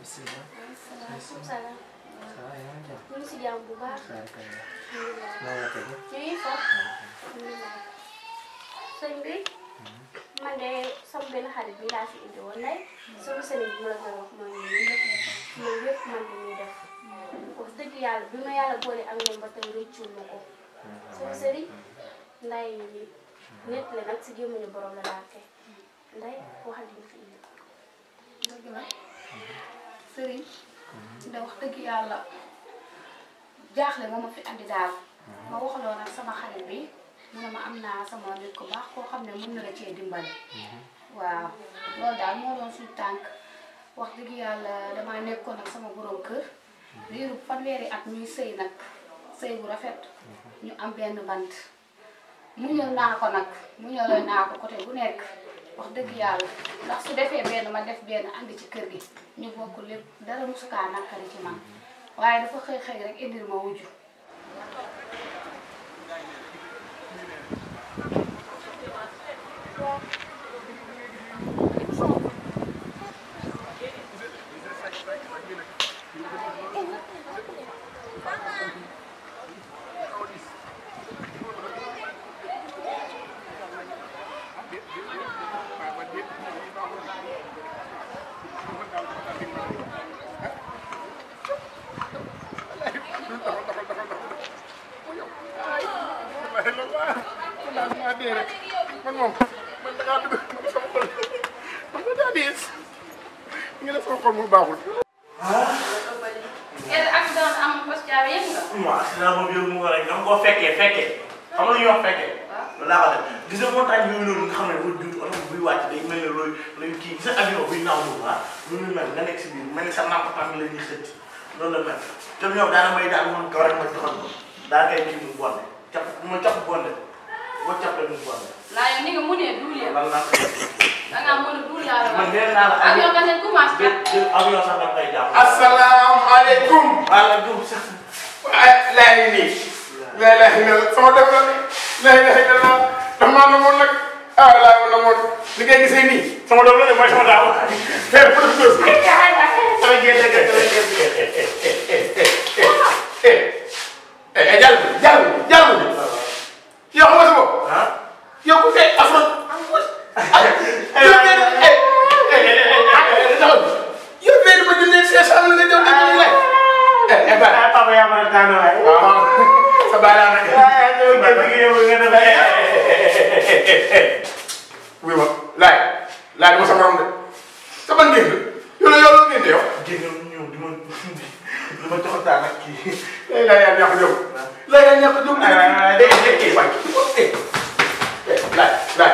Bismillah. Waalaikumsalam. Salah yang aja. Ini si jambu bang. Salah kayaknya. Mau apa ya? Ini kok. Sendiri. Mande sambil hari bila si itu online, suruh sendiri melakukan mengingat, mengingat mengingat. Waktu dia lebih maya lebih boleh angin bertemu cuma kok. Suruh sendiri. Naik. Net lenak segi menyebar lelaki. Naik, wah dia. Bagaimana? sëriñ da wax dëgg yàlla jaaxle moo ma fi andi daal ma waxaloo nag sama xarit bi mu am naa sama nit koo xam ne mën na la cee dimbale waaw loolu daal moo doon suñu tànk wax dëgg yàlla damaa nekkoon nag sama borom kër liiru fanweeri at ñuy sëy nag sëy bu rafet ñu am benn bant mu ñëw naa ko nag mu ñëw naa ko côté bu nekk wax dëgg yàlla ndax su defee benn ma def benn ànd ci kër gi ñu bokk lépp dara musukaa nakari ci man mm-hmm. waaye dafa xëy xëy rek indil ma wujju loolu nga xam ne boo juutu oto buy wàcc day mel ne looy looy kii gis nga avion buy naaw noonu ah loolu mel nga nekk si biir mel ni sa nampataang la ñuy xëcc loolu la mel te ñoom daana may daal moom kaw rek ma joxoon ko daa koy kii mu bonde cap ma cap bonde boo capee mu bonde. laa yow ni nga mënee duulee. lan laa koy da ngaa mën a duul laa la. man nee naa la avion kese commencé. dé dé avion sax da nga koy jàpp. asalaamaaleykum. waaleykum salaam. waaye laa ngi nii. laa ilaha illallah sama def la nii. laa ilaha illallah damaa ne woon nag. ah laa yow nag moom li ngay gisee nii sama doom la de mooy sama daaw. tey bu dul dul. dama génne gerte dama génne gerte. jàll jàll jàll. yow xam nga sa bopp. yow ku fekk as na. ni aku tu. Eh, dek, dek, dek, baik. Eh, lah, lah,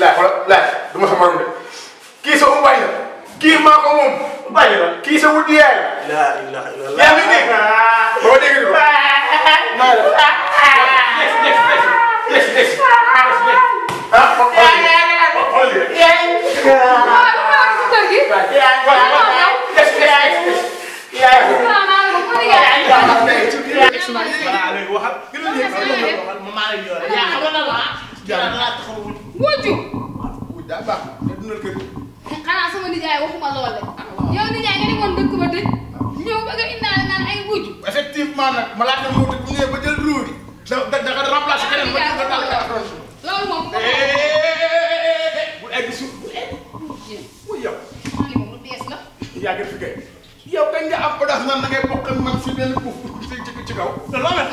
lah, kalau lah, dulu sama rumah. Kii sama bayi, kii mak umum. Bayi lah. Kii sama dia. Lah, lah, lah. Ya ini. Bawa dia gitu. Nah, yes, yes, yes, yes, yes, yes. Ah, apa? Apa? Ya, ya. Apa lagi? Ya, ya. sexual voilà apa waxal gën a léegi xam nga waxal apa maa lay yore yaa xam na la yaa la taxawul wujju daa baax da dundal kër xanaa sama nijaay waxuma lool rek yow nijaay nga demoon dëkk ba dëj ñëw ba nga indaale naan ay wujju effectivement nag malaaka moo dëkk apa ba jël ruuri da da da remplacer keneen ba jël ba tal ka loolu apa bu egg suuf bu egg bu kaw. te loo mel.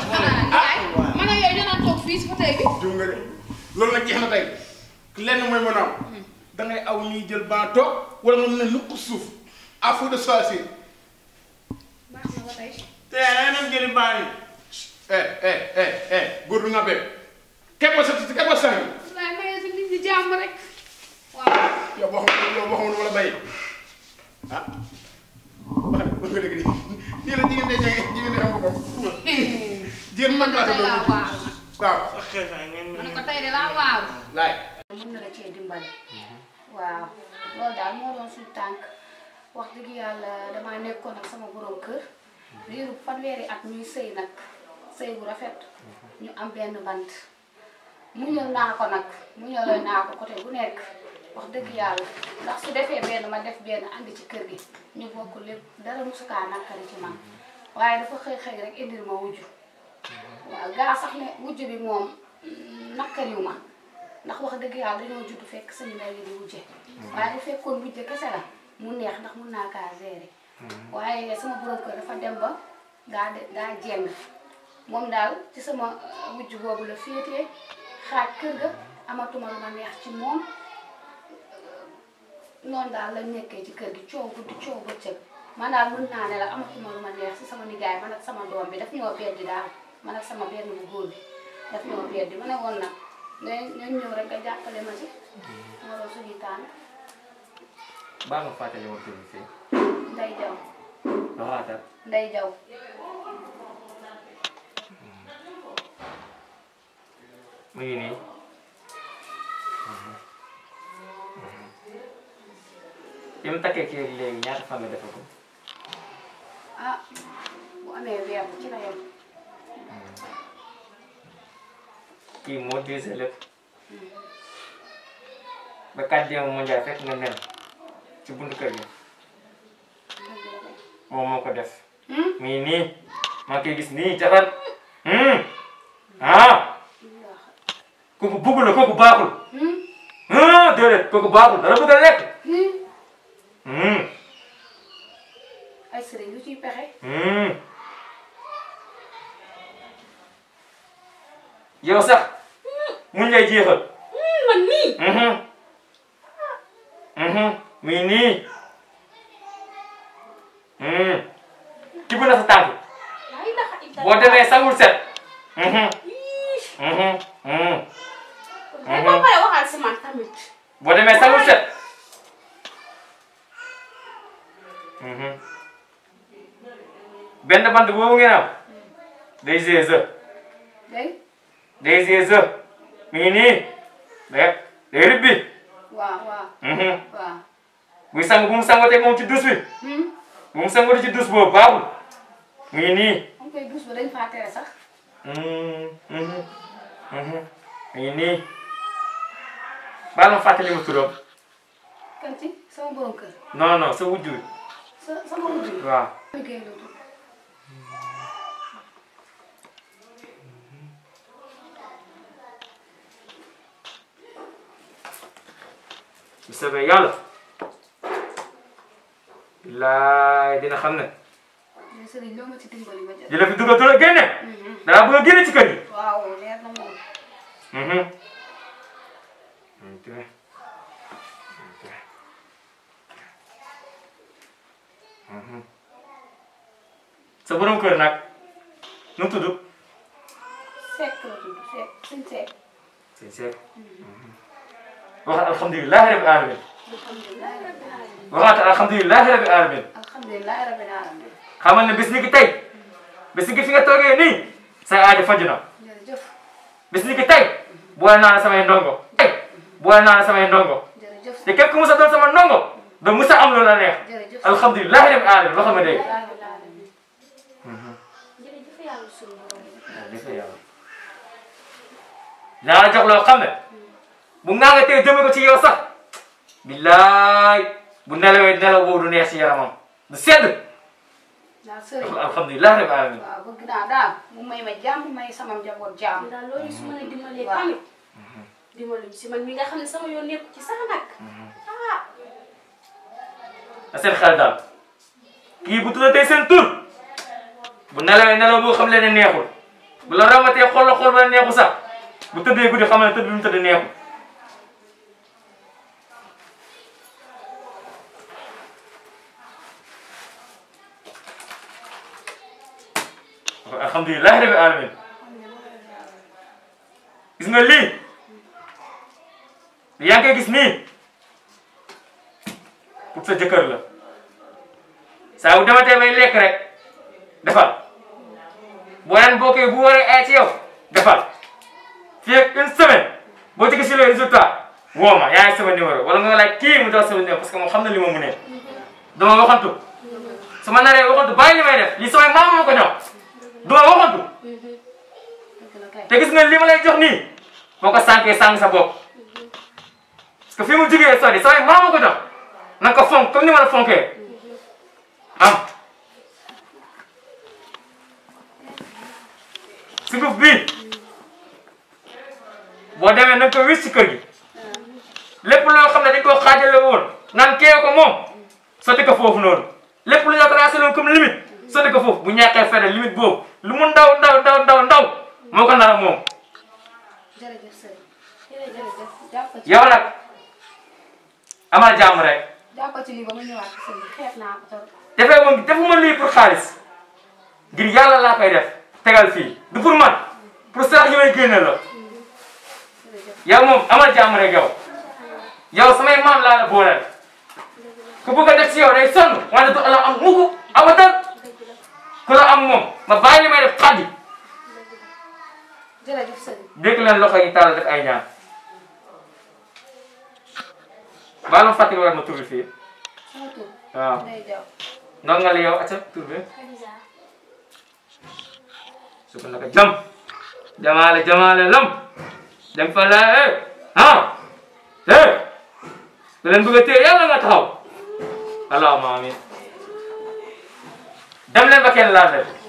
ah man ak yooyu ñu naan toog fii si fa tey bi. juum nga de loolu nag jeex na tey lenn mooy mën a am. da ngay aw ñuy jël ban toog wala eh eh eh eh góor du nga béy. képp sa képp sa xel. waaw mayee si nit ñi ah wax dëgg nii la jigéen ñi day jege jigéen ñi am ko bopp. jigéen mag laa ko doon waaw. mu ne ko tey de laa waaw. laay. mën na la cee dimbale. waaw loolu daal moo doon suñu tànk wax dëgg yàlla damaa nekkoon ak sama borom kër. riiru fanweeri at ñuy sëy nag wax dëgg yàlla ndax su defee benn ma def benn ànd ci kër gi ñu bokk lépp dara musukaa nàkkari ci man waaye dafa xëy xëy rek indil ma wujju waaw gaa sax ne wujju bi moom nàkkariw ma ndax wax dëgg yàlla dañoo judd fekk suñu ndey di wujje waaye bu fekkoon wujje kese la mu neex ndax mun naa kaa gérer waaye sama borom kër dafa dem ba daa daa jeng moom daal ci sama wujju boobu la féetee xaaj kër ga amatuma lu ma neex ci moom noonu daal lañ nekkee ci kër gi coow guddi coow bëccëg man daal mën naa ne la amatuma lu ma neex si sama nijaay man ak sama doom bi daf ñoo beddi daal man ak sama benn bu góor bi daf ñoo beddi ma ne woon nag nañ ñëw rek nga jàppale ma ci ma hmm. doon suñuy tànn. baa nga fàttali woon tur bi fii. Ndey Jaw. waxaatal. Ndey Jaw. Hmm. mu ngi nii. Hmm. mu takkee kii rek léegi ah bu amee weer ci la yem. kii moo diisee lépp. ba kat démb mu njaay fekk nga nen ci buntu kër gi. moom ah. kooku bugg la kooku ah déedéet kooku baaxul yow sax muñ lay jeexal. Hmm, man nii. muy mhm. mhm, nii. Hmm. kii bu na sa tànk. boo demee sangul set. mais boo paree waxal si man tamit. boo demee sangul set. Mhm. benn bant boobu ngeen am. day gérer. This is mini. Né? Derbi. Wa wa. Uhum. Wa. Wisang gum sang te gum ti dusbi. Hmm. Gum sang gum ti dus bo babu. Mini. Am koy dus ba dañ fa téré sax. Hmm. Mhm. Mhm. Mini. Baal ma fàttali ma turam. Kan ci sama borom kër. Non non sa wujju. Sa sama wujju. soobee yàlla laay dina xam ne. sëriñ loo ma ci mm-hmm. na moom. Mm-hmm. Mm-hmm. sa borom kër nag nu mu tudd. Seck la tudd Seck Sëñ Seck. وقالت الحمد لله رب العالمين وقالت الحمد لله رب العالمين الحمد لله رب العالمين خامل تاي بسنيك فين توجي ني سعاد فجنا بسنيك تاي بوانا سما يندونغو تاي بوانا سما يندونغو تكيف كموسى دون سما نونغو دون موسى عملو لانيخ الحمد لله رب العالمين وقالت مدي لا تقلو قمر mu ŋàngatee jëme ko ci yow sax billaay bu nelawee nelaw boobu du neex ci yaramam du sedd. waaw sëriñ alhamdulilah rabbil alamin. waaw bëgg naa daal mu may ma jàmm may sama njaboot jàmm. daal loolu su ma la dimbalee tamit. dimbaluñ si man mi nga xam ne sama yoon nekku ci sax nag. ah. na seen xel daal kii bu tuddatee seen tur bu nelawee nelaw boo xam leen ne neexul bu la ramatee xol la xol ba neexul sax bu tëddee guddi xam ne tëdd bi mu tëdd neexul. gis nga lii yaa ngi koy gis nii pour sa jëkkër la saa bu dematee bay lekk rek defal boo daan bokkee bu waree ay ci yow defal fii ak une semaine boo ci gisul résultat woo ma yaa ngi wala nga laaj kii mu jox sama numéro parce que moom xam na li ma mu ne dama waxantu su ma naree waxantu li may def lii samay maam ko ñor duma waxantu mm-hmm. te gis nga li ma lay jox boo ko sànkee sànq sa bopp parce que mu jugee sori sa waay maamu ko jox na ko fonk comme ni ma la fonkee am suuf bii boo demee na nga ko wis ci kër gi lépp loo xam ne dañ koo xaajale woon naan kee ko moom sotti ko foofu noonu lépp lu ñu tracé loon comme limite sotti ko foofu bu ñàkkee fere limite boobu lu mu ndaw ndaw ndaw ndaw ndaw moo ko nar moom. jërëjëf sëñ nag amal jàmm rek. jàpp ci lii ba mu ñëwaat sëñ bi xeeb naa laa koy def tegal fii du pour man pour sarax yi génne la yow moom amal jàmm rek yow yow samay maam laa la ku bëgg def si yow day sonn wante du ala am muku abatal ku la am moom ma bàyyi li may def xaddi. jërëjëf sëñ bi dégg leen loxo yi taal def ay ñaan. baal ma fàttali war ma tur bi fii. waaw ndongal yow acca tur bi. su ko naka jam jamaale jamaale lam dem fa la eh ah eh da leen bëgg a téye yàlla nga taxaw allahumma amin dem leen ba kenn laal leen